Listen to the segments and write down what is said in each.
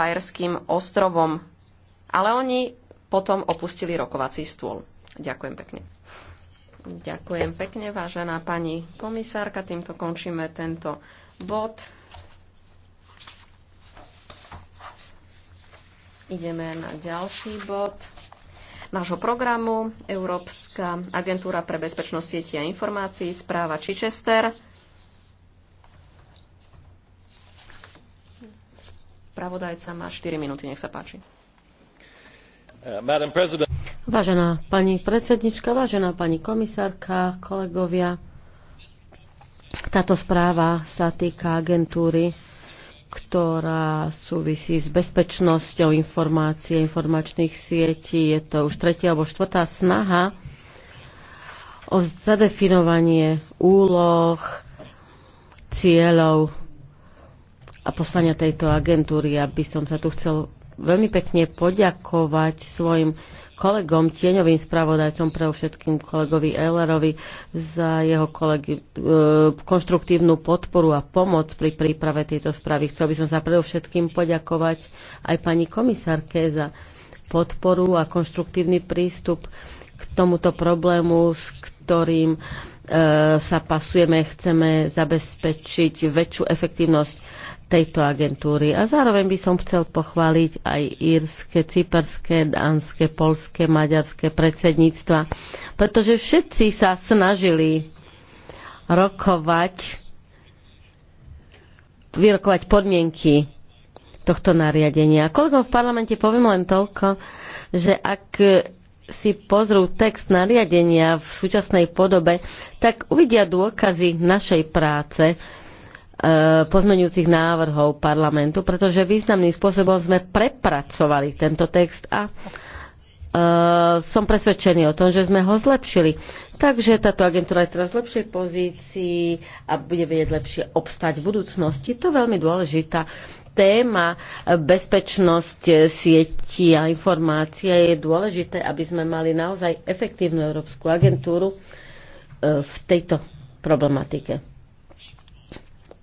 Fajerským ostrovom. Ale oni potom opustili rokovací stôl. Ďakujem pekne. Ďakujem pekne, vážená pani komisárka. Týmto končíme tento bod. Ideme na ďalší bod nášho programu. Európska agentúra pre bezpečnosť sieti a informácií, správa Chichester. Spravodajca má 4 minúty, nech sa páči. Uh, vážená pani predsednička, vážená pani komisárka, kolegovia, táto správa sa týka agentúry, ktorá súvisí s bezpečnosťou informácie, informačných sietí. Je to už tretia alebo štvrtá snaha o zadefinovanie úloh, cieľov a poslania tejto agentúry. Ja by som sa tu chcel veľmi pekne poďakovať svojim kolegom, tieňovým spravodajcom, pre všetkým kolegovi Ellerovi za jeho kolegy, e, konštruktívnu podporu a pomoc pri príprave tejto správy. Chcel by som sa predovšetkým poďakovať aj pani komisárke za podporu a konštruktívny prístup k tomuto problému, s ktorým e, sa pasujeme, chceme zabezpečiť väčšiu efektívnosť tejto agentúry. A zároveň by som chcel pochváliť aj írske, cyperské, dánske, polské, maďarské predsedníctva, pretože všetci sa snažili rokovať, vyrokovať podmienky tohto nariadenia. Kolegom v parlamente poviem len toľko, že ak si pozrú text nariadenia v súčasnej podobe, tak uvidia dôkazy našej práce, Eh, pozmeňujúcich návrhov parlamentu, pretože významným spôsobom sme prepracovali tento text a Uh, som presvedčený o tom, že sme ho zlepšili. Takže táto agentúra je teraz v lepšej pozícii a bude vedieť lepšie obstať v budúcnosti. To je veľmi dôležitá téma. Bezpečnosť sieti a informácie je dôležité, aby sme mali naozaj efektívnu Európsku agentúru uh, v tejto problematike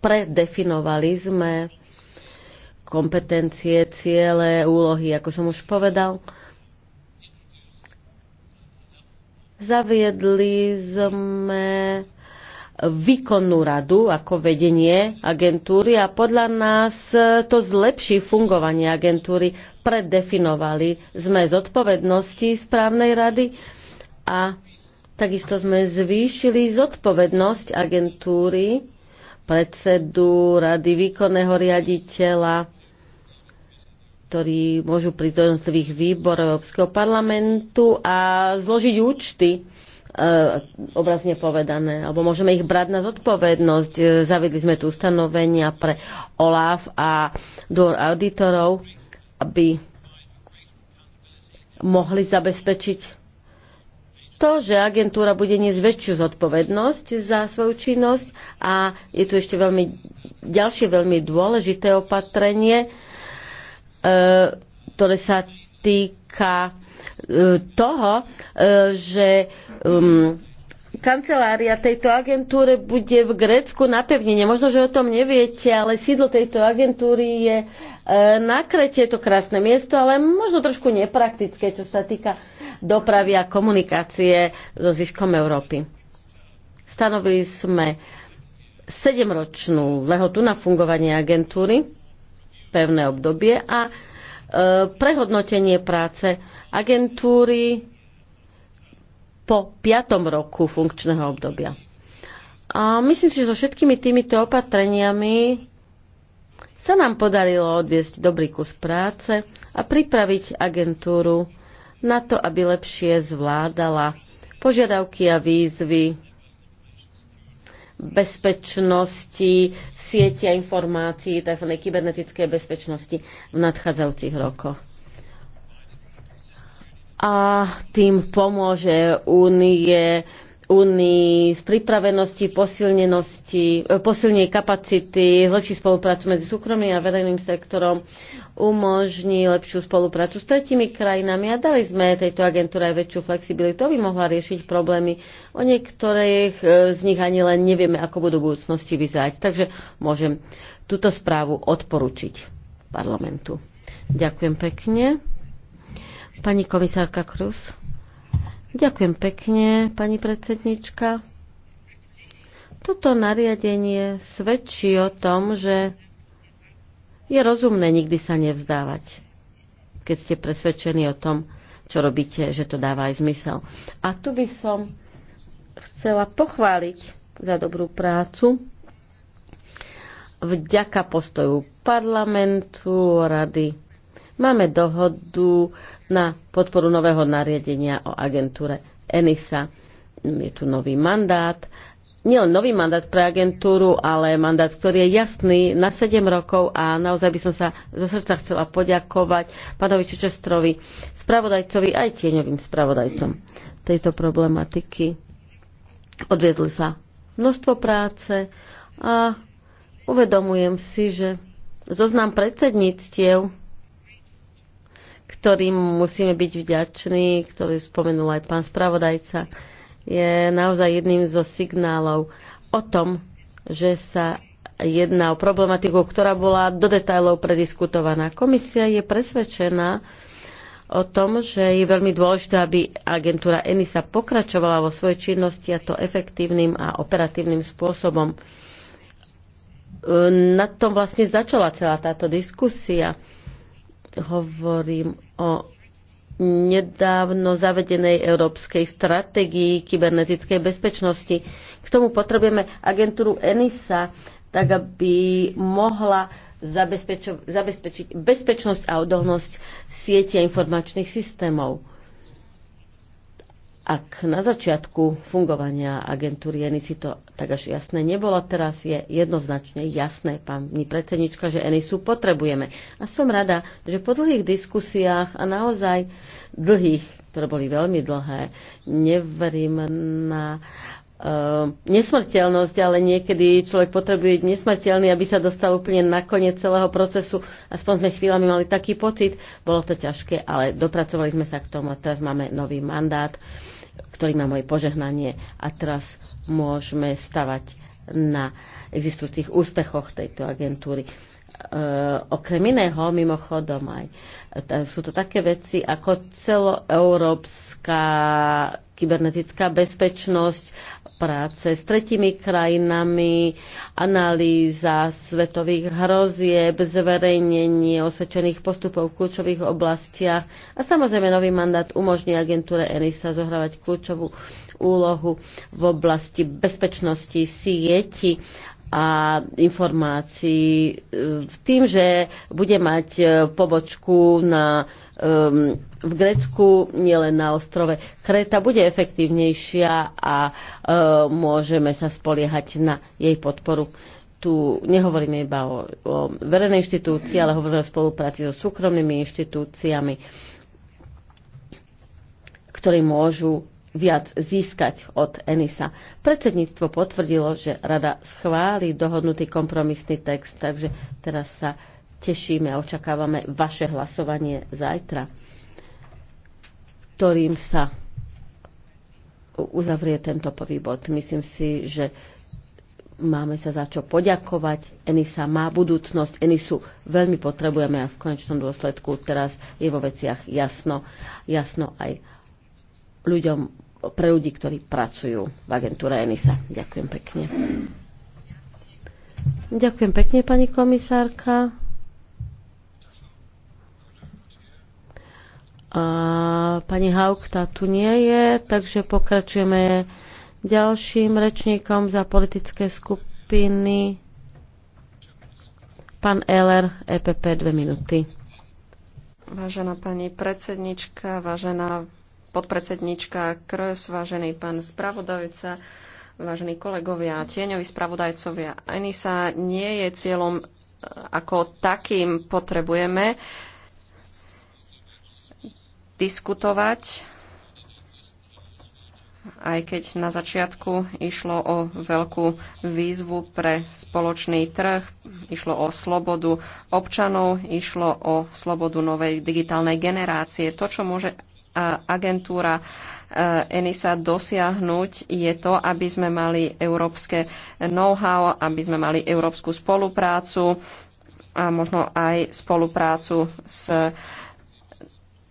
predefinovali sme kompetencie, ciele, úlohy, ako som už povedal. Zaviedli sme výkonnú radu ako vedenie agentúry a podľa nás to zlepší fungovanie agentúry. Predefinovali sme zodpovednosti správnej rady a takisto sme zvýšili zodpovednosť agentúry predsedu rady výkonného riaditeľa, ktorí môžu prísť do jednotlivých výborov Európskeho parlamentu a zložiť účty e, obrazne povedané, alebo môžeme ich brať na zodpovednosť. E, Zavedli sme tu ustanovenia pre OLAF a dôr auditorov, aby mohli zabezpečiť to, že agentúra bude niesť väčšiu zodpovednosť za svoju činnosť a je tu ešte veľmi, ďalšie veľmi dôležité opatrenie, e, ktoré sa týka e, toho, e, že um, kancelária tejto agentúry bude v Grécku na pevnine. Možno, že o tom neviete, ale sídlo tejto agentúry je na Krete je to krásne miesto, ale možno trošku nepraktické, čo sa týka dopravy a komunikácie so zvyškom Európy. Stanovili sme sedemročnú lehotu na fungovanie agentúry, pevné obdobie a e, prehodnotenie práce agentúry po piatom roku funkčného obdobia. A myslím si, že so všetkými týmito opatreniami sa nám podarilo odviesť dobrý kus práce a pripraviť agentúru na to, aby lepšie zvládala požiadavky a výzvy bezpečnosti, siete a informácií, tzv. kybernetickej bezpečnosti v nadchádzajúcich rokoch. A tým pomôže únie Unii z pripravenosti, posilnenosti, eh, posilnej kapacity, zlepší spoluprácu medzi súkromným a verejným sektorom, umožní lepšiu spoluprácu s tretimi krajinami a dali sme tejto agentúre aj väčšiu flexibilitu, aby mohla riešiť problémy. O niektorých e, z nich ani len nevieme, ako budú v budúcnosti vyzerať. Takže môžem túto správu odporučiť parlamentu. Ďakujem pekne. Pani komisárka Krus. Ďakujem pekne, pani predsednička. Toto nariadenie svedčí o tom, že je rozumné nikdy sa nevzdávať, keď ste presvedčení o tom, čo robíte, že to dáva aj zmysel. A tu by som chcela pochváliť za dobrú prácu vďaka postoju parlamentu, rady. Máme dohodu na podporu nového nariadenia o agentúre ENISA. Je tu nový mandát nielen nový mandát pre agentúru, ale mandát, ktorý je jasný na 7 rokov a naozaj by som sa zo srdca chcela poďakovať pánovi Čečestrovi, spravodajcovi aj tieňovým spravodajcom tejto problematiky. Odviedli sa množstvo práce a uvedomujem si, že zoznam predsedníctiev ktorým musíme byť vďační, ktorý spomenul aj pán spravodajca, je naozaj jedným zo signálov o tom, že sa jedná o problematiku, ktorá bola do detajlov prediskutovaná. Komisia je presvedčená o tom, že je veľmi dôležité, aby agentúra ENISA pokračovala vo svojej činnosti a to efektívnym a operatívnym spôsobom. Na tom vlastne začala celá táto diskusia. Hovorím o nedávno zavedenej európskej stratégii kybernetickej bezpečnosti. K tomu potrebujeme agentúru ENISA, tak aby mohla zabezpečiť bezpečnosť a odolnosť siete informačných systémov. Ak na začiatku fungovania agentúry ENISI to tak až jasné nebolo, teraz je jednoznačne jasné, pani predsednička, že ENISu potrebujeme. A som rada, že po dlhých diskusiách a naozaj dlhých, ktoré boli veľmi dlhé. Neverím na uh, nesmrteľnosť, ale niekedy človek potrebuje byť nesmrteľný, aby sa dostal úplne na koniec celého procesu. Aspoň sme chvíľami mali taký pocit. Bolo to ťažké, ale dopracovali sme sa k tomu a teraz máme nový mandát, ktorý má moje požehnanie a teraz môžeme stavať na existujúcich úspechoch tejto agentúry. Eh, okrem iného, mimochodom aj, sú to také veci ako celoeurópska kybernetická bezpečnosť, práce s tretimi krajinami, analýza svetových hrozieb, zverejnenie osvedčených postupov v kľúčových oblastiach a samozrejme nový mandát umožní agentúre ENISA zohrávať kľúčovú úlohu v oblasti bezpečnosti sieti a informácií e, tým, že bude mať e, pobočku na, um, v Grécku, nielen na ostrove Kreta, bude efektívnejšia a um, môžeme sa spoliehať na jej podporu. Tu nehovoríme iba o, o verejnej inštitúcii, ale hovoríme o spolupráci so súkromnými inštitúciami, ktorí môžu viac získať od ENISA. Predsedníctvo potvrdilo, že rada schváli dohodnutý kompromisný text, takže teraz sa tešíme a očakávame vaše hlasovanie zajtra, ktorým sa uzavrie tento prvý bod. Myslím si, že máme sa za čo poďakovať. Enisa má budúcnosť, Enisu veľmi potrebujeme a v konečnom dôsledku teraz je vo veciach jasno, jasno aj ľuďom pre ľudí, ktorí pracujú v agentúre ENISA. Ďakujem pekne. Ďakujem pekne, pani komisárka. A pani Hauk tá tu nie je, takže pokračujeme ďalším rečníkom za politické skupiny. Pán Eller, EPP, dve minúty. Vážená pani predsednička, vážená podpredsednička Kres, vážený pán spravodajca, vážení kolegovia, tieňoví spravodajcovia. sa nie je cieľom e, ako takým potrebujeme diskutovať, aj keď na začiatku išlo o veľkú výzvu pre spoločný trh, išlo o slobodu občanov, išlo o slobodu novej digitálnej generácie. To, čo môže agentúra e, ENISA dosiahnuť, je to, aby sme mali európske know-how, aby sme mali európsku spoluprácu a možno aj spoluprácu s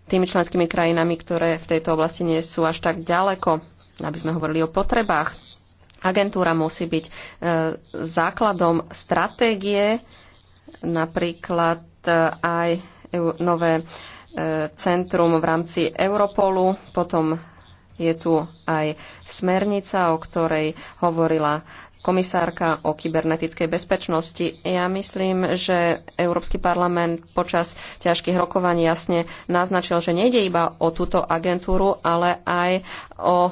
tými členskými krajinami, ktoré v tejto oblasti nie sú až tak ďaleko, aby sme hovorili o potrebách. Agentúra musí byť e, základom stratégie, napríklad e, aj nové centrum v rámci Europolu. Potom je tu aj smernica, o ktorej hovorila komisárka o kybernetickej bezpečnosti. Ja myslím, že Európsky parlament počas ťažkých rokovaní jasne naznačil, že nejde iba o túto agentúru, ale aj o e,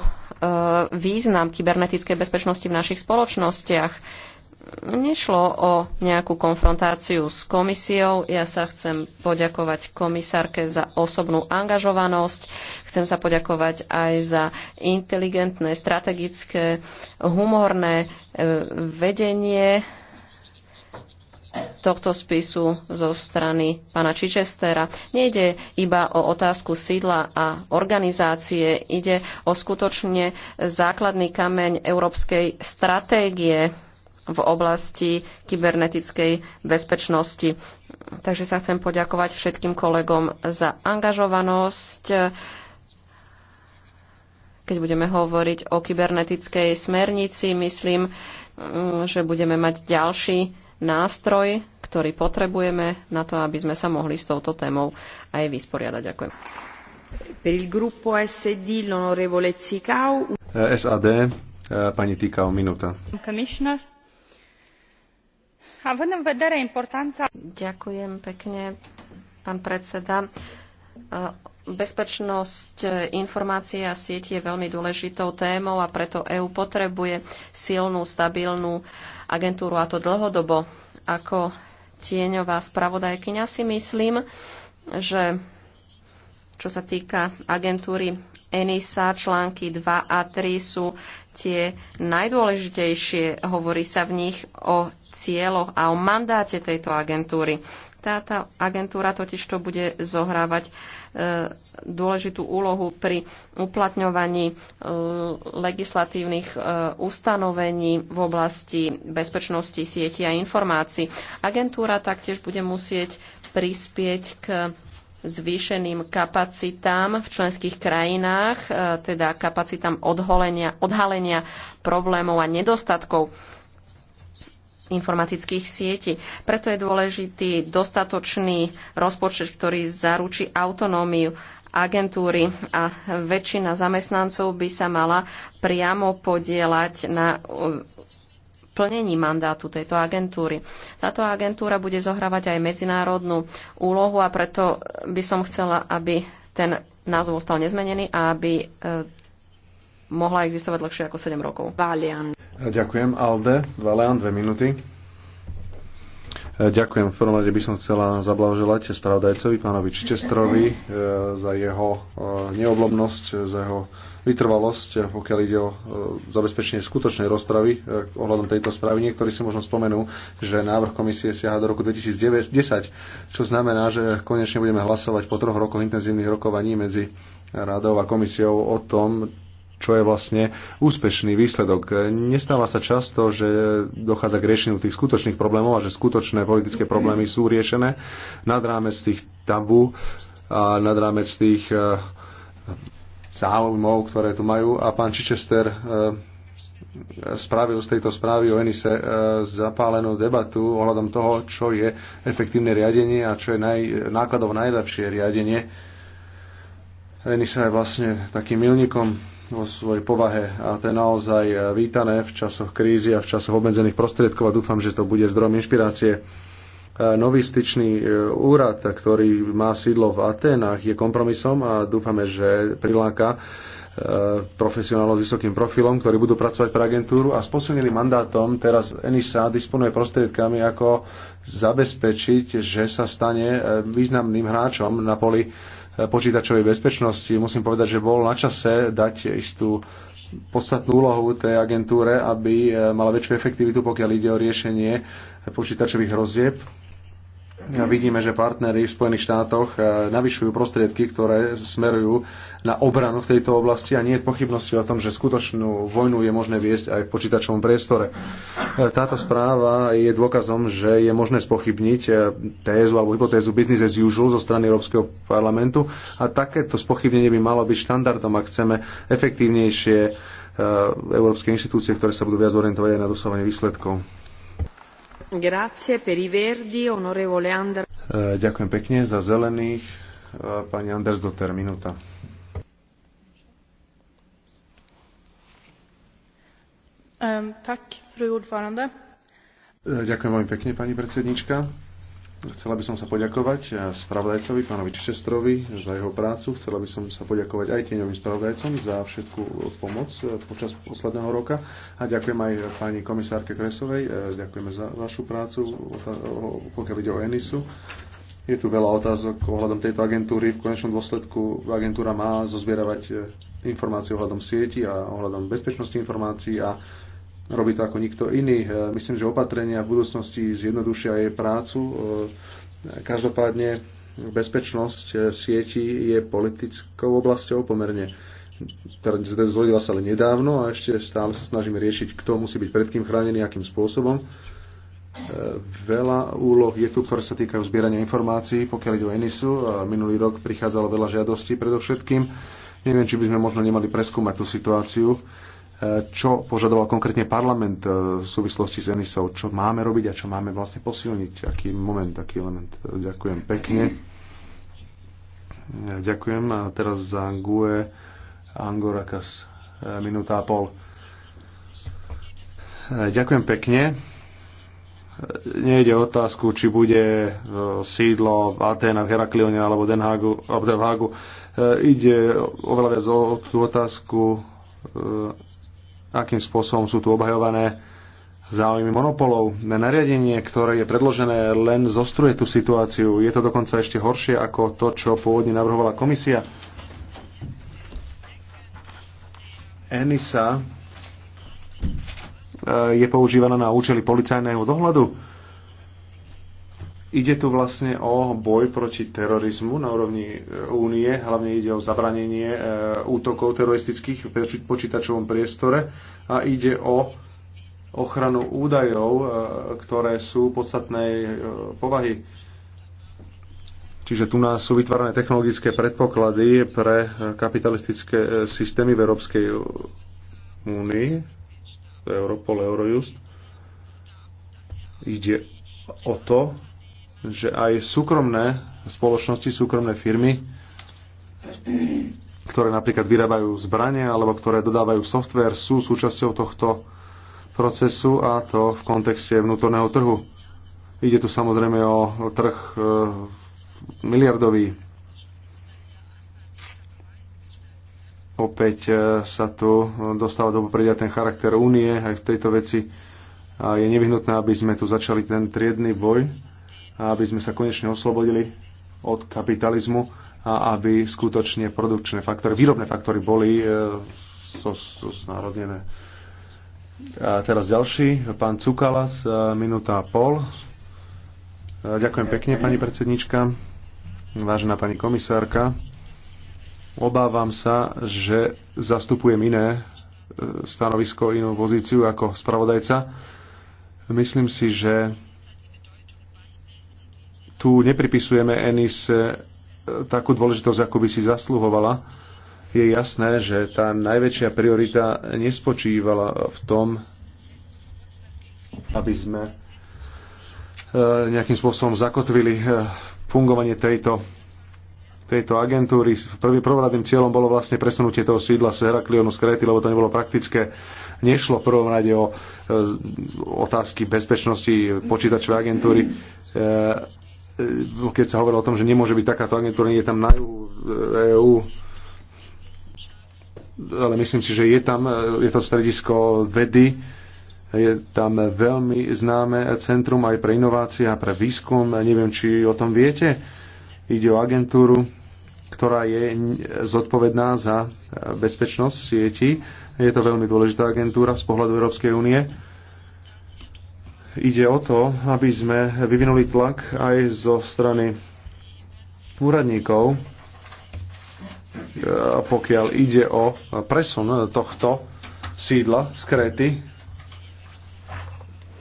význam kybernetickej bezpečnosti v našich spoločnostiach nešlo o nejakú konfrontáciu s komisiou. Ja sa chcem poďakovať komisárke za osobnú angažovanosť. Chcem sa poďakovať aj za inteligentné, strategické, humorné e, vedenie tohto spisu zo strany pána Čičestera. Nejde iba o otázku sídla a organizácie, ide o skutočne základný kameň európskej stratégie v oblasti kybernetickej bezpečnosti. Takže sa chcem poďakovať všetkým kolegom za angažovanosť. Keď budeme hovoriť o kybernetickej smernici, myslím, mm, že budeme mať ďalší nástroj, ktorý potrebujeme na to, aby sme sa mohli s touto témou aj vysporiadať. Ďakujem. Per il gruppo SD l'onorevole Zicau. Eh, SAD, eh, pani Tikau, minúta. Commissioner. Având în vedere importanța... Ďakujem pekne, pán predseda. E, bezpečnosť e, informácií a sieti je veľmi dôležitou témou a preto EÚ potrebuje silnú, stabilnú agentúru a to dlhodobo. Ako tieňová spravodajkyňa si myslím, že čo sa týka agentúry ENISA články 2 a 3 sú tie najdôležitejšie. Hovorí sa v nich o cieľoch a o mandáte tejto agentúry. Táto agentúra totiž to bude zohrávať e, dôležitú úlohu pri uplatňovaní e, legislatívnych e, ustanovení v oblasti bezpečnosti sieti a informácií. Agentúra taktiež bude musieť prispieť k zvýšeným kapacitám v členských krajinách, e, teda kapacitám odholenia, odhalenia problémov a nedostatkov informatických sietí. Preto je dôležitý dostatočný rozpočet, ktorý zaručí autonómiu agentúry a väčšina zamestnancov by sa mala priamo podielať na e, plnení mandátu tejto agentúry. Táto agentúra bude zohrávať aj medzinárodnú úlohu a preto by som chcela, aby ten názov ostal nezmenený a aby e, mohla existovať dlhšie ako 7 rokov. Valian. E, ďakujem, Alde. Valian, dve minúty. E, ďakujem. V prvom rade by som chcela zablahoželať spravodajcovi, pánovi Čičestrovi, za jeho neoblomnosť, za jeho vytrvalosť, eh, pokiaľ ide o eh, zabezpečenie skutočnej rozpravy eh, ohľadom tejto správy. Niektorí si možno spomenú, že návrh komisie siaha do roku 2010, čo znamená, že konečne budeme hlasovať po troch rokoch intenzívnych rokovaní medzi radou a komisiou o tom, čo je vlastne úspešný výsledok. Nestáva sa často, že dochádza k riešeniu tých skutočných problémov a že skutočné politické problémy sú riešené nad rámec tých tabu a nad rámec tých uh, záujmov, ktoré tu majú. A pán čičester eh, spravil z tejto správy o Enise eh, zapálenú debatu ohľadom toho, čo je efektívne riadenie a čo je naj, nákladov najlepšie riadenie. Enisa je vlastne takým milníkom vo svojej povahe a to je naozaj eh, vítané v časoch krízy a v časoch obmedzených prostriedkov a dúfam, že to bude zdrojom inšpirácie nový styčný e, úrad, ktorý má sídlo v Atenách, je kompromisom a dúfame, že priláka e, profesionálov s vysokým profilom, ktorí budú pracovať pre agentúru a s posilneným mandátom teraz ENISA disponuje prostriedkami, ako zabezpečiť, že sa stane e, významným hráčom na poli počítačovej bezpečnosti. Musím povedať, že bol na čase dať istú podstatnú úlohu tej agentúre, aby mala väčšiu efektivitu, pokiaľ ide o riešenie počítačových hrozieb vidíme, že partnery v Spojených štátoch e, navyšujú prostriedky, ktoré smerujú na obranu v tejto oblasti a nie je pochybnosti o tom, že skutočnú vojnu je možné viesť aj v počítačovom priestore. E, táto správa je dôkazom, že je možné spochybniť e, tézu alebo hypotézu business as usual zo strany Európskeho parlamentu a takéto spochybnenie by malo byť štandardom, ak chceme efektívnejšie európske inštitúcie, ktoré sa budú viac orientovať aj na dosávanie výsledkov. Eh, ďakujem pekne za zelených. Eh, pani Anders do minúta. Um, tak, eh, Ďakujem veľmi pekne, pani predsednička Chcela by som sa poďakovať eh, spravodajcovi, pánovi Čestrovi, za jeho prácu. Chcela by som sa poďakovať aj tieňovým spravodajcom za všetku eh, pomoc eh, počas posledného roka. A ďakujem aj pani komisárke Kresovej. Ďakujeme za vašu prácu, pokiaľ ide o ENISu. Je tu veľa otázok ohľadom tejto agentúry. V konečnom dôsledku agentúra má zozbieravať informácie ohľadom sieti a ohľadom bezpečnosti informácií a robí to ako nikto iný. E, myslím, že opatrenia v budúcnosti zjednodušia jej prácu. E, každopádne bezpečnosť e, sieti je politickou oblasťou pomerne teda zrodila sa len nedávno a ešte stále sa snažíme riešiť, kto musí byť pred kým chránený, akým spôsobom. Veľa úloh je tu, ktoré sa týkajú zbierania informácií, pokiaľ ide o ENISu. Minulý rok prichádzalo veľa žiadostí predovšetkým. Neviem, či by sme možno nemali preskúmať tú situáciu čo požadoval konkrétne parlament e, v súvislosti s Enisou, čo máme robiť a čo máme vlastne posilniť, aký moment, aký element. Ďakujem pekne. Ďakujem. A teraz za Angue Angorakas e, minúta a pol. E, ďakujem pekne. Nejde o otázku, či bude sídlo v Aténach, Heraklione alebo Den Hagu, alebo Den Hagu. Ide oveľa viac o tú otázku akým spôsobom sú tu obhajované záujmy monopolov. Nariadenie, ktoré je predložené, len zostruje tú situáciu. Je to dokonca ešte horšie ako to, čo pôvodne navrhovala komisia. ENISA eh, je používaná na účely policajného dohľadu Ide tu vlastne o boj proti terorizmu na úrovni e, únie, hlavne ide o zabranenie e, útokov teroristických v počítačovom priestore a ide o ochranu údajov, e, ktoré sú podstatnej povahy. Čiže tu nás sú vytvárané technologické predpoklady pre kapitalistické systémy v Európskej únii, Europol, Eurojust. Ide o to, že aj súkromné spoločnosti, súkromné firmy, ktoré napríklad vyrábajú zbranie alebo ktoré dodávajú software, sú súčasťou tohto procesu a to v kontexte vnútorného trhu. Ide tu samozrejme o trh e, miliardový. Opäť e, sa tu dostáva do popredia ten charakter únie aj v tejto veci. A je nevyhnutné, aby sme tu začali ten triedny boj aby sme sa konečne oslobodili od kapitalizmu a aby skutočne produkčné faktory, výrobné faktory boli e, znárodnené. a teraz ďalší, pán Cukalas, e, minúta a pol. E, ďakujem pekne, pani predsednička, vážená pani komisárka. Obávam sa, že zastupujem iné e, stanovisko, inú pozíciu ako spravodajca. Myslím si, že tu nepripisujeme Enis e, takú dôležitosť, ako by si zasluhovala, je jasné, že tá najväčšia priorita nespočívala v tom, aby sme e, nejakým spôsobom zakotvili e, fungovanie tejto, tejto agentúry. Prvým prvoradným cieľom bolo vlastne presunutie toho sídla z Heraklionu z Kréty, lebo to nebolo praktické. Nešlo v prvom rade o otázky bezpečnosti počítačovej agentúry E, keď sa hovorilo o tom, že nemôže byť takáto agentúra, nie je tam na EÚ, e ale myslím si, že je tam, e, je to stredisko vedy, je tam veľmi známe centrum aj pre inovácie a pre výskum. Neviem, či o tom viete. Ide o agentúru, ktorá je zodpovedná za bezpečnosť sieti. Je to veľmi dôležitá agentúra z pohľadu Európskej únie ide o to, aby sme vyvinuli tlak aj zo strany úradníkov, pokiaľ ide o presun tohto sídla z Kréty.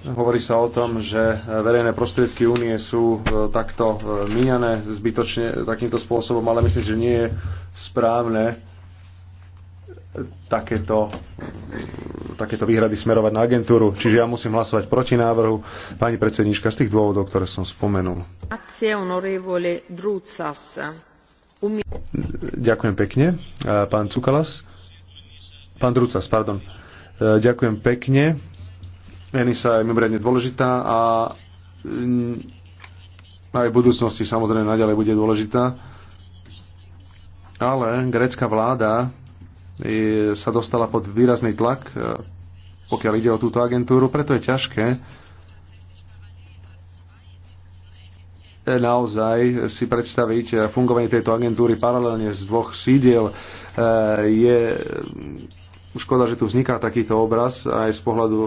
Hovorí sa o tom, že verejné prostriedky únie sú e, takto e, míňané zbytočne takýmto spôsobom, ale myslím že nie je správne takéto, takéto výhrady smerovať na agentúru. Čiže ja musím hlasovať proti návrhu pani predsednička z tých dôvodov, ktoré som spomenul. Ďakujem pekne. E, pán Cukalas? Pán Drucas, pardon. E, ďakujem pekne. Enisa je mimoriadne dôležitá a mm, aj v budúcnosti samozrejme naďalej bude dôležitá. Ale grécka vláda sa dostala pod výrazný tlak, e, pokiaľ ide o túto agentúru, preto je ťažké e, naozaj si predstaviť e, fungovanie tejto agentúry paralelne z dvoch sídiel. Je mm, škoda, že tu vzniká takýto obraz aj z pohľadu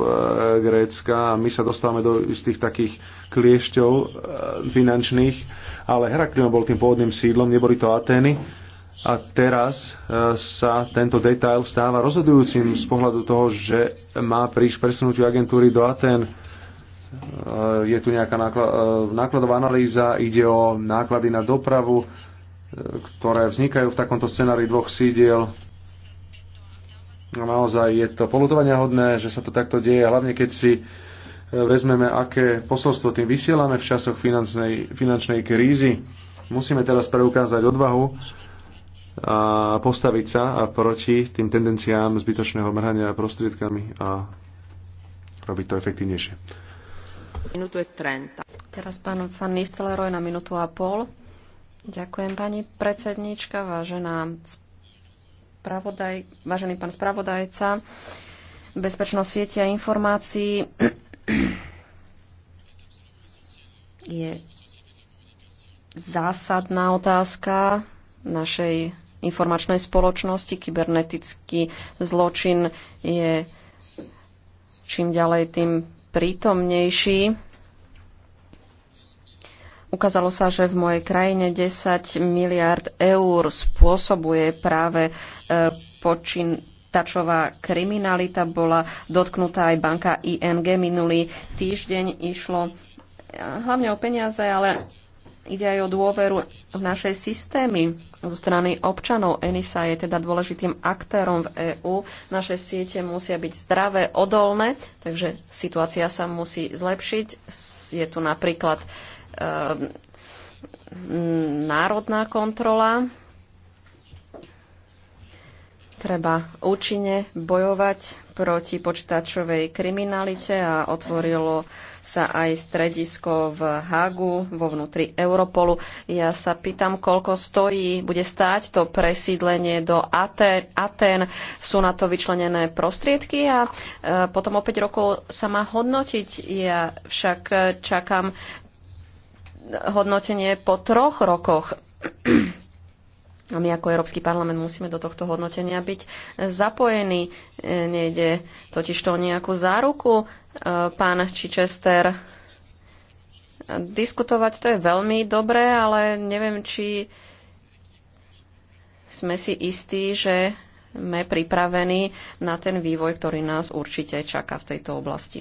Grécka. My sa dostávame do istých takých kliešťov finančných, ale Heraklion bol tým pôvodným sídlom, neboli to Atény a teraz e, sa tento detail stáva rozhodujúcim z pohľadu toho, že má prísť presunutiu agentúry do Aten. E, je tu nejaká e, nákladová analýza, ide o náklady na dopravu, ktoré vznikajú v takomto scenári dvoch sídiel. Naozaj je to polutovania hodné, že sa to takto deje, hlavne keď si vezmeme, aké posolstvo tým vysielame v časoch finančnej, finančnej krízy. Musíme teraz preukázať odvahu a postaviť sa a proti tým tendenciám zbytočného mrhania prostriedkami a robiť to efektívnejšie. Minútu je 30. Teraz pán Van Nistelrooy na minútu a pol. Ďakujem pani predsedníčka, vážená spravodaj, vážený pán spravodajca. Bezpečnosť sieťa a informácií je zásadná otázka našej informačnej spoločnosti. Kybernetický zločin je čím ďalej tým prítomnejší. Ukázalo sa, že v mojej krajine 10 miliard eur spôsobuje práve e, počin tačová kriminalita. Bola dotknutá aj banka ING minulý týždeň. Išlo e, hlavne o peniaze, ale ide aj o dôveru v našej systémy zo strany občanov. ENISA je teda dôležitým aktérom v EÚ. Naše siete musia byť zdravé, odolné, takže situácia sa musí zlepšiť. Je tu napríklad e, národná kontrola. Treba účinne bojovať proti počítačovej kriminalite a otvorilo sa aj stredisko v Hagu, vo vnútri Europolu. Ja sa pýtam, koľko stojí, bude stáť to presídlenie do Aten. Aten. Sú na to vyčlenené prostriedky a e, potom o 5 rokov sa má hodnotiť. Ja však e, čakám hodnotenie po troch rokoch. A my ako Európsky parlament musíme do tohto hodnotenia byť zapojení. E, nejde totiž to o nejakú záruku. E, pán Čičester, e, diskutovať to je veľmi dobré, ale neviem, či sme si istí, že sme pripravení na ten vývoj, ktorý nás určite čaká v tejto oblasti.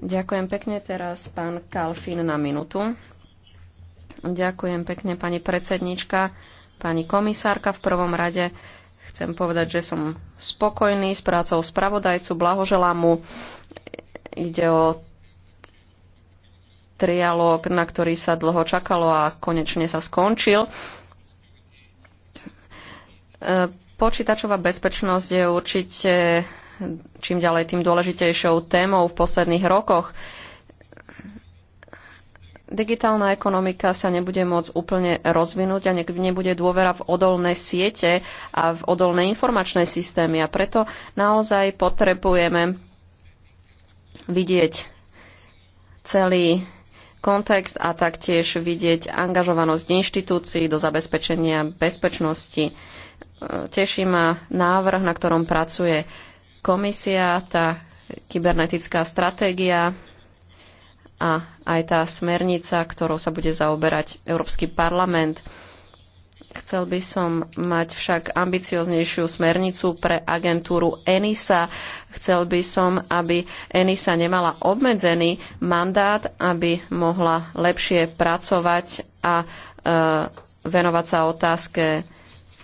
Ďakujem pekne. Teraz pán Kalfin na minútu. Ďakujem pekne pani predsednička, pani komisárka. V prvom rade chcem povedať, že som spokojný s prácou spravodajcu, blahoželám mu. Ide o trialóg, na ktorý sa dlho čakalo a konečne sa skončil. E, počítačová bezpečnosť je určite čím ďalej tým dôležitejšou témou v posledných rokoch digitálna ekonomika sa nebude môcť úplne rozvinúť a nebude dôvera v odolné siete a v odolné informačné systémy. A preto naozaj potrebujeme vidieť celý kontext a taktiež vidieť angažovanosť inštitúcií do zabezpečenia bezpečnosti. E, teší ma návrh, na ktorom pracuje komisia, tá kybernetická stratégia a aj tá smernica, ktorou sa bude zaoberať Európsky parlament. Chcel by som mať však ambicioznejšiu smernicu pre agentúru ENISA. Chcel by som, aby ENISA nemala obmedzený mandát, aby mohla lepšie pracovať a e, venovať sa otázke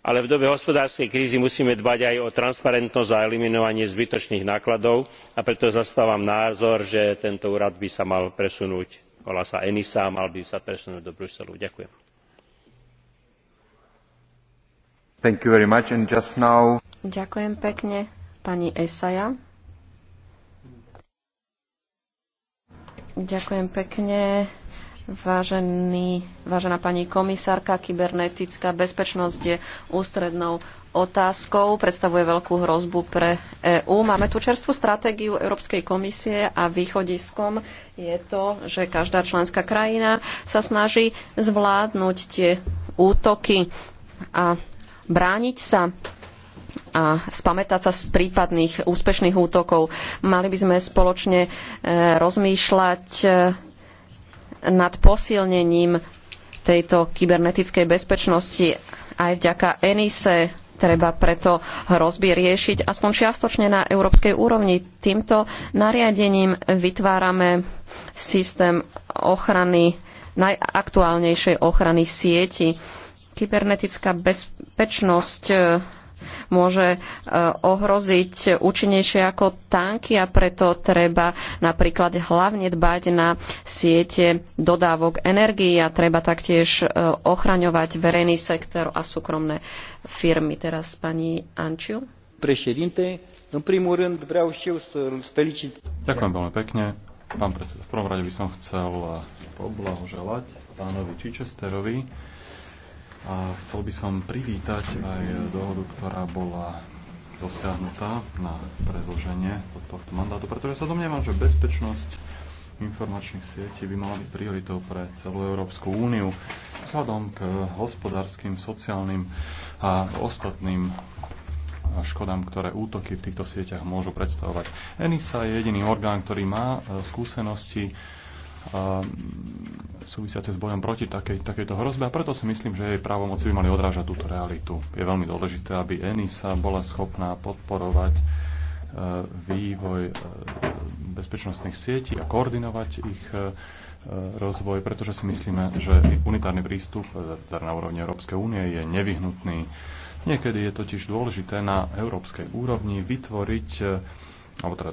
ale v dobe hospodárskej krízy musíme dbať aj o transparentnosť a eliminovanie zbytočných nákladov a preto zastávam názor že tento úrad by sa mal presunúť volá sa enisa a mal by sa presunúť do bruselu. ďakujem. Ďakujem pekne. Vážený, vážená pani komisárka, kybernetická bezpečnosť je ústrednou otázkou, predstavuje veľkú hrozbu pre EÚ. Máme tu čerstvú stratégiu Európskej komisie a východiskom je to, že každá členská krajina sa snaží zvládnuť tie útoky a brániť sa a spamätať sa z prípadných úspešných útokov. Mali by sme spoločne e, rozmýšľať e, nad posilnením tejto kybernetickej bezpečnosti aj vďaka ENISE. Treba preto hrozby riešiť aspoň čiastočne na európskej úrovni. Týmto nariadením vytvárame systém ochrany, najaktuálnejšej ochrany sieti. Kybernetická bezpečnosť môže e, ohroziť účinnejšie ako tanky a preto treba napríklad hlavne dbať na siete dodávok energií a treba taktiež e, ochraňovať verejný sektor a súkromné firmy. Teraz pani Anciu. Ďakujem veľmi pekne. Pán predseda, v prvom rade by som chcel e, poblahoželať pánovi Čičesterovi a chcel by som privítať aj dohodu, ktorá bola dosiahnutá na predlženie od tohto mandátu, pretože sa domnievam, že bezpečnosť informačných sietí by mala byť prioritou pre celú Európsku úniu vzhľadom k hospodárskym, sociálnym a ostatným škodám, ktoré útoky v týchto sieťach môžu predstavovať. ENISA je jediný orgán, ktorý má e, skúsenosti Mm, súvisiace s bojom proti takej, takejto hrozbe a preto si myslím, že jej právomoci by mali odrážať túto realitu. Je veľmi dôležité, aby ENISA bola schopná podporovať e, vývoj e, bezpečnostných sietí a koordinovať ich e, rozvoj, pretože si myslíme, že unitárny prístup teda na úrovni Európskej únie je nevyhnutný. Niekedy je totiž dôležité na európskej úrovni vytvoriť alebo teda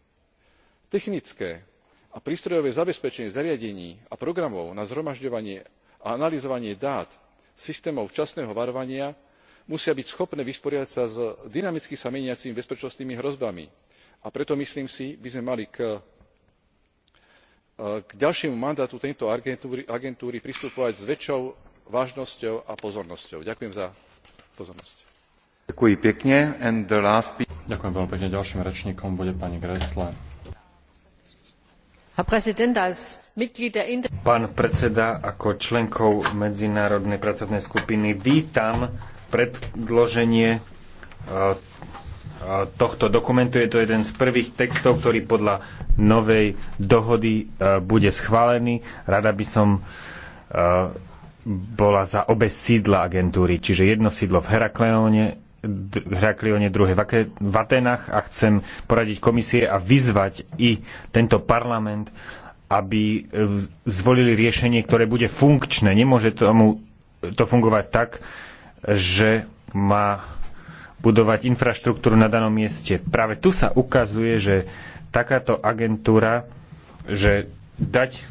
technické a prístrojové zabezpečenie zariadení a programov na zhromažďovanie a analyzovanie dát systémov včasného varovania musia byť schopné vysporiadať sa s dynamicky sa meniacimi bezpečnostnými hrozbami a preto myslím si by sme mali k e, ďalšiemu mandátu tejto agentúry pristupovať s väčšou vážnosťou a pozornosťou. ďakujem za pozornosť. Ďakujem veľmi pekne. Ďalším rečníkom bude pani Pán predseda, ako členkou Medzinárodnej pracovnej skupiny vítam predloženie e, e, tohto dokumentu. Je to jeden z prvých textov, ktorý podľa novej dohody e, bude schválený. Rada by som bola za obe sídla agentúry, čiže jedno sídlo v Herakleóne Heraklione II v Atenách a chcem poradiť komisie a vyzvať i tento parlament, aby e, zvolili riešenie, ktoré bude funkčné. Nemôže tomu to fungovať tak, že má budovať infraštruktúru na danom mieste. Práve tu sa ukazuje, že takáto agentúra, že dať e,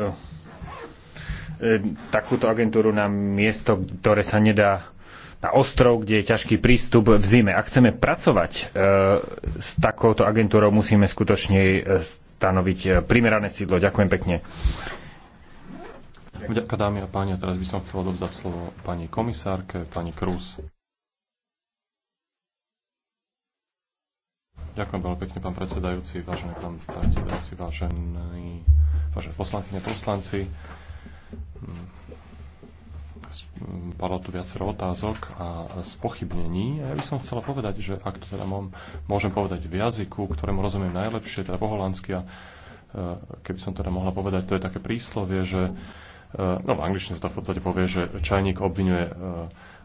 e, takúto agentúru na miesto, ktoré sa nedá na ostrov, kde je ťažký prístup v zime. Ak chceme pracovať e, s takouto agentúrou, musíme skutočne e, stanoviť e, primerané sídlo. Ďakujem pekne. Ďakujem, dámy a páni. A teraz by som chcel odovzdať slovo pani komisárke, pani Krús. Ďakujem veľmi pekne, pán predsedajúci, vážený pán predsedajúci, vážení, vážené poslankyne, poslanci padlo tu viacero otázok a spochybnení. A ja by som chcela povedať, že ak to teda môžem povedať v jazyku, ktorému rozumiem najlepšie, teda po holandsky, a e, keby som teda mohla povedať, to je také príslovie, že e, no v angličtine sa to v podstate povie, že čajník obvinuje, e,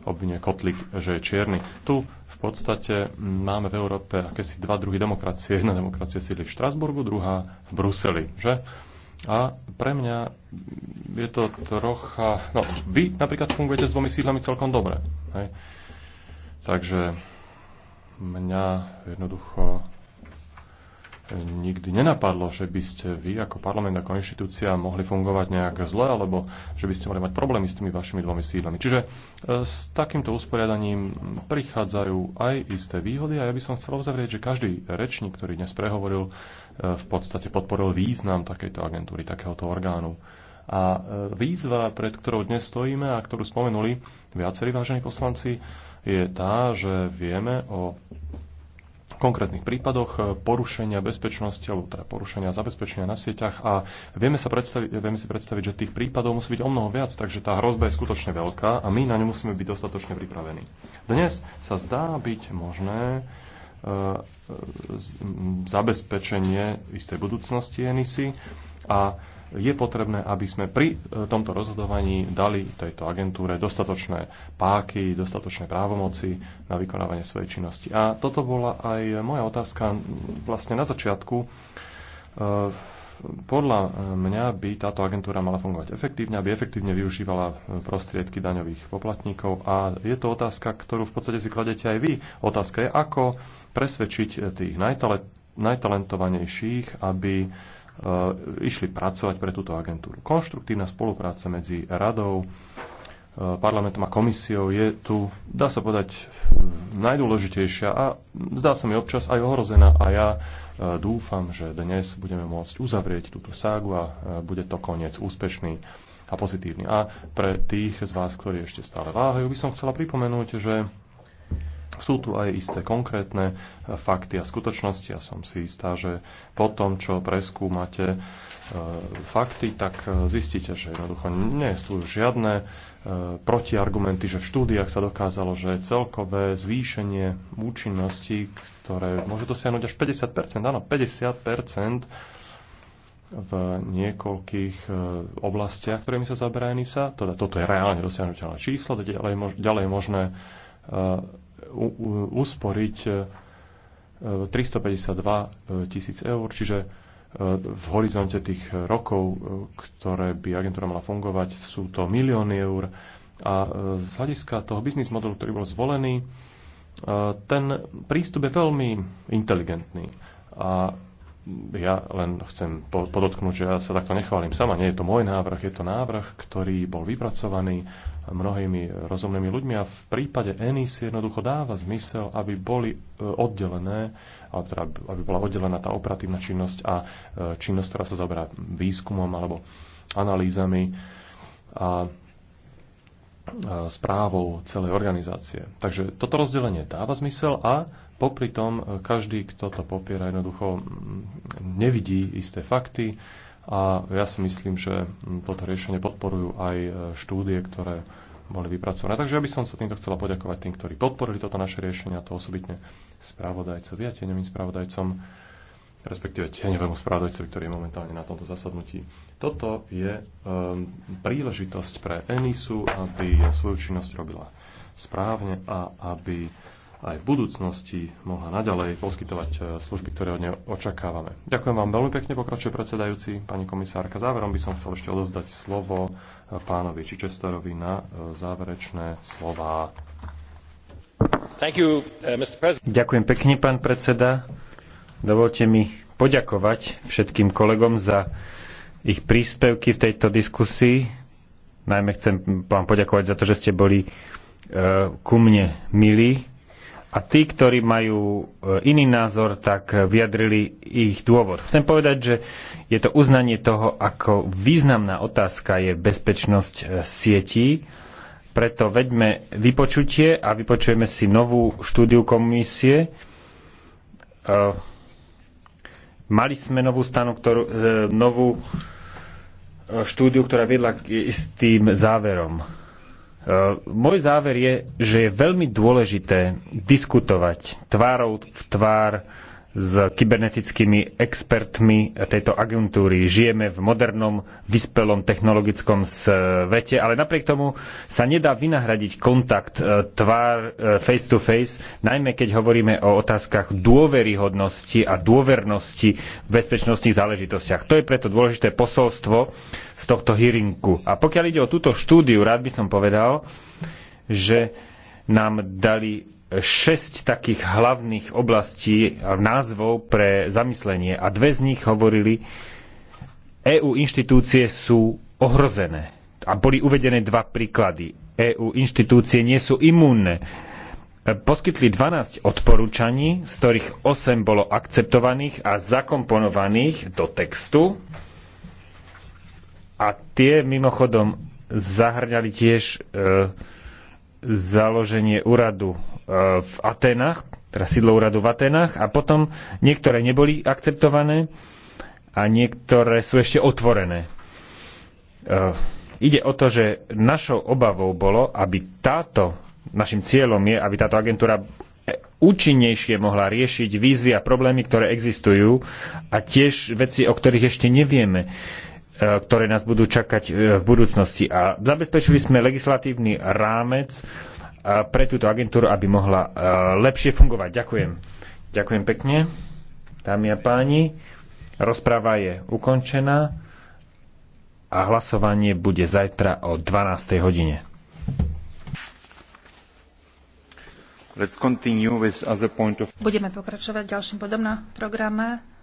obvinuje kotlik, že je čierny. Tu v podstate máme v Európe akési dva druhy demokracie. Jedna demokracie sídli v Štrasburgu, druhá v Bruseli. Že? A pre mňa je to trocha... No, vy napríklad fungujete s dvomi sídlami celkom dobre. Hej? Takže mňa jednoducho nikdy nenapadlo, že by ste vy ako parlament, ako inštitúcia mohli fungovať nejak zle, alebo že by ste mali mať problémy s tými vašimi dvomi sídlami. Čiže e, s takýmto usporiadaním prichádzajú aj isté výhody a ja by som chcel uzavrieť, že každý rečník, ktorý dnes prehovoril, e, v podstate podporil význam takejto agentúry, takéhoto orgánu. A e, výzva, pred ktorou dnes stojíme a ktorú spomenuli viacerí vážení poslanci, je tá, že vieme o konkrétnych prípadoch e, porušenia bezpečnosti alebo teda porušenia zabezpečenia na sieťach a vieme, sa predstaviť, vieme si predstaviť, že tých prípadov musí byť o mnoho viac, takže tá hrozba je skutočne veľká a my na ňu musíme byť dostatočne pripravení. Dnes sa zdá byť možné e, e, zabezpečenie istej budúcnosti NISI a je potrebné, aby sme pri e, tomto rozhodovaní dali tejto agentúre dostatočné páky, dostatočné právomoci na vykonávanie svojej činnosti. A toto bola aj moja otázka vlastne na začiatku. E, podľa mňa by táto agentúra mala fungovať efektívne, aby efektívne využívala prostriedky daňových poplatníkov. A je to otázka, ktorú v podstate si kladete aj vy. Otázka je, ako presvedčiť tých najtalentovanejších, aby Eh, išli pracovať pre túto agentúru. Konštruktívna spolupráca medzi radou, eh, parlamentom a komisiou je tu, dá sa povedať, najdôležitejšia a zdá sa mi občas aj ohrozená a ja eh, dúfam, že dnes budeme môcť uzavrieť túto ságu a bude to koniec úspešný a pozitívny. A pre tých z vás, ktorí ešte stále váhajú, by som chcela pripomenúť, že sú tu aj isté konkrétne fakty a skutočnosti. Ja som si istá, že po tom, čo preskúmate e, fakty, tak e, zistíte, že jednoducho nie sú žiadne e, protiargumenty, že v štúdiách sa dokázalo, že celkové zvýšenie účinnosti, ktoré môže dosiahnuť až 50%, áno, 50% v niekoľkých oblastiach, ktorými sa zabráni sa, teda toto je reálne dosiahnuteľné číslo, ďalej, je možné usporiť 352 e, e, tisíc eur, čiže e, v horizonte tých rokov, ktoré by agentúra mala fungovať, sú to milióny eur. A z hľadiska toho biznis modelu, ktorý bol zvolený, ten prístup je veľmi inteligentný. A ja len chcem podotknúť, že ja sa takto nechválim sama. Nie je to môj návrh, je to návrh, ktorý bol vypracovaný mnohými rozumnými ľuďmi a v prípade Enis jednoducho dáva zmysel, aby boli e, oddelené, teda, aby bola oddelená tá operatívna činnosť a e, činnosť, ktorá sa zaoberá výskumom alebo analýzami a správou celej organizácie. Takže toto rozdelenie dáva zmysel a popri tom e, každý, kto to popiera, jednoducho nevidí isté fakty, a ja si myslím, že mm, toto riešenie podporujú aj e, štúdie, ktoré boli vypracované. Takže ja by som sa týmto chcela poďakovať tým, ktorí podporili toto naše riešenie, a to osobitne spravodajcovi a tieňovým spravodajcom, respektíve tieňovému spravodajcovi, ktorý je momentálne na tomto zasadnutí. Toto je um, príležitosť pre Enisu, aby svoju činnosť robila správne a aby aj v budúcnosti mohla naďalej poskytovať e, služby, ktoré od nej očakávame. Ďakujem vám veľmi pekne, pokračuje predsedajúci. Pani komisárka, záverom by som chcel ešte odovzdať slovo e, pánovi Čičestorovi na e, záverečné slová. You, Ďakujem pekne, pán predseda. Dovolte mi poďakovať všetkým kolegom za ich príspevky v tejto diskusii. Najmä chcem vám poďakovať za to, že ste boli uh, ku mne milí a tí, ktorí majú e, iný názor, tak vyjadrili ich dôvod. Chcem povedať, že je to uznanie toho, ako významná otázka je bezpečnosť e, sietí, preto veďme vypočutie a vypočujeme si novú štúdiu komisie. E, mali sme novú, stanu, ktorú, novú štúdiu, ktorá viedla k istým záverom Eh, môj záver je, že je veľmi dôležité diskutovať tvárou v tvár s kybernetickými expertmi tejto agentúry. Žijeme v modernom, vyspelom technologickom svete, ale napriek tomu sa nedá vynahradiť kontakt e, tvár face to face, najmä keď hovoríme o otázkach dôveryhodnosti a dôvernosti v bezpečnostných záležitostiach. To je preto dôležité posolstvo z tohto hearingu. A pokiaľ ide o túto štúdiu, rád by som povedal, že nám dali šesť takých hlavných oblastí názvov pre zamyslenie a dve z nich hovorili EU inštitúcie sú ohrozené. A boli uvedené dva príklady. EU inštitúcie nie sú imúnne. Poskytli 12 odporúčaní, z ktorých 8 bolo akceptovaných a zakomponovaných do textu. A tie mimochodom zahrňali tiež e, založenie úradu e, v Atenách, teda sídlo úradu v Atenách a potom niektoré neboli akceptované a niektoré sú ešte otvorené. E, ide o to, že našou obavou bolo, aby táto, našim cieľom je, aby táto agentúra účinnejšie mohla riešiť výzvy a problémy, ktoré existujú a tiež veci, o ktorých ešte nevieme. Uh, E, ktoré nás budú čakať e, v budúcnosti. A zabezpečili sme legislatívny rámec e, pre túto agentúru, aby mohla lepšie fungovať. Ďakujem. Ďakujem pekne, dámy a páni. Rozpráva je ukončená a hlasovanie bude zajtra o 12. hodine. Of... Budeme pokračovať ďalším bodom na programe.